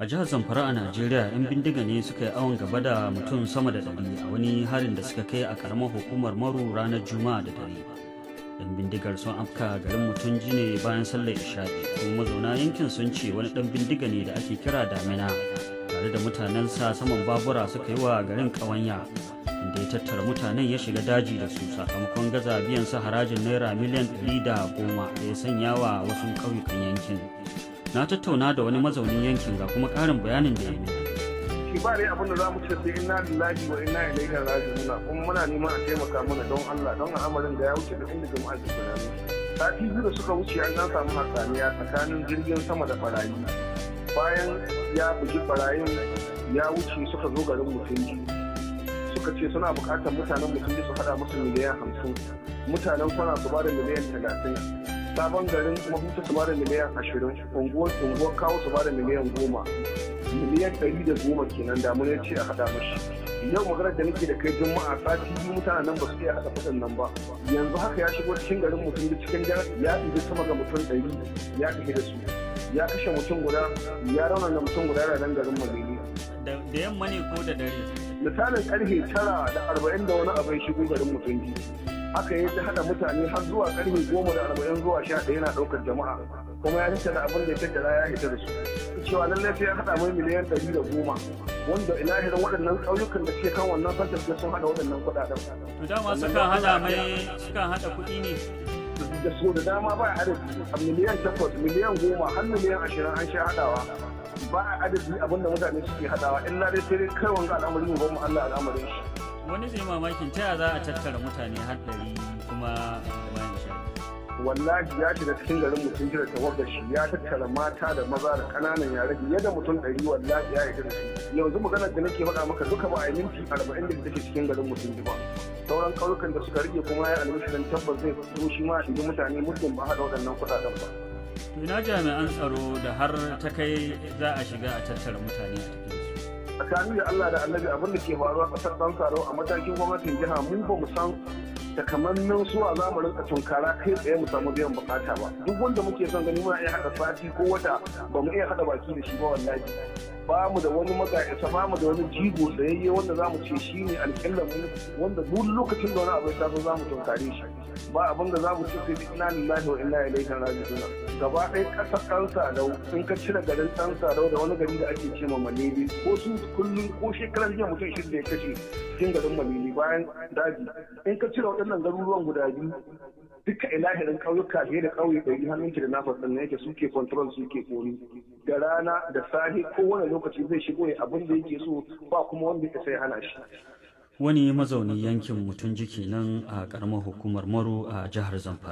a jihar zamfara a najeriya yan bindiga ne suka yi awon gaba da mutum sama da ɗari a wani harin da suka kai a karamar hukumar maru ranar juma'a da dare yan bindigar sun afka garin mutum jini bayan sallar isha'i kuma mazauna yankin sun ce wani ɗan bindiga ne da ake kira damina tare da mutanensa saman babura suka yi wa garin ƙawanya inda ya tattara mutanen ya shiga daji da su sakamakon gaza biyan su harajin naira miliyan ɗari da goma da ya sanya wa wasu ƙauyukan yankin na tattauna da wani mazaunin yankin ga kuma ƙarin bayanin da ya yi shi ba dai abin da za mu ce sai inna lillahi wa inna ilaihi raji'un kuma muna neman a taimaka mana don Allah don al'amarin da ya wuce da inda jama'a ke tunani sati biyu da suka wuce an samu hatsaniya tsakanin jirgin sama da barayi bayan ya bugi barayin ya wuce suka zo garin mutunji suka ce suna bukatar mutanen mutunji su haɗa musu miliyan hamsin mutanen kwana su ba da miliyan talatin sabon garin mahuta su bada miliyan ashirin unguwar unguwar kawo su bada miliyan goma miliyan ɗari da goma kenan damunar ce a haɗa mashi yau maganar da nake da kai juma'a sati biyu mutanen nan ba su iya haɗa kuɗin nan ba yanzu haka ya shigo cikin garin mutum da cikin gyara. ya ɗibi sama ga mutum ɗari ya tafi da su ya kashe mutum guda ya raunana mutum guda da nan garin magani da yamma ne ko da dare misalin karfe tara da arba'in da wani abin shigo garin mutum biyu. haka ya ta hada mutane har zuwa karfe goma da arba'in zuwa sha ɗaya yana ɗaukar jama'a kuma ya da abin da ya tattara ya hita da su cewa lallai sai ya hada mai miliyan ɗari da goma wanda ilahirin waɗannan ƙauyukan da ke kan wannan fasar sun hada waɗannan kuɗaɗen. to dama sukan hada mai sukan hada kuɗi ne. da so da dama ba adadi a miliyan takwas miliyan goma har miliyan ashirin an sha hadawa ba adadi abin da mutane suke hadawa illa dai sai dai kai wanga al'amarin mu ba mu Allah al'amarin shi. wani zai mamakin ta za a tattara mutane haɗari kuma eh, bayan shi wallahi ya shiga cikin garin mutum jira ta wadda shi ya tattara mata da maza da ƙananan yare fiye da mutum ɗari wallahi ya yi shi yanzu maganar da nake faɗa maka duka ba a yi minti arba'in da take cikin garin mutum ba sauran ƙauyukan da suka rage kuma ya don tabbas zai fito shi ma a shiga mutane muddin ba haɗa waɗannan kuɗaɗen ba. ina jami'an tsaro da har ta kai za a shiga a tattara mutane a cikin tsakanin da Allah da annabi abin da ke faruwa kasar dan tsaro a matakin gwamnatin jiha mun ba mu san takamaiman su a zamanin rinka tunkara kai tsaye mu samu biyan bukata ba duk wanda muke son gani muna iya haɗa sati ko wata ba mu iya haɗa baki da shi ba wallahi ba mu da wani magaisa ba mu da wani jigo tsayayye wanda zamu mu ce shi ne alƙillar mu wanda duk lokacin da wani abu ya taso za mu tunkare shi ba abin da za mu ci sai ina lillahi wa inna ilaihi raji'un gaba ɗaya ƙasa ɗan sadau in ka cire garin ɗan sadau da wani gari da ake ce ma malili ko su kullum ko shekaran jiya mutum shida ya kashe cikin garin malili bayan daji in ka cire waɗannan garuruwan guda biyu duka ilahirin ƙauyuka fiye da ƙauye ɗari hannunki da nafa sannan yake suke control suke kori da rana da safe kowane lokaci zai shigo ya abin da yake so ba kuma wanda ya sai hana shi wani mazauni yankin mutum jiki nan a karamar hukumar maru a jihar zamfara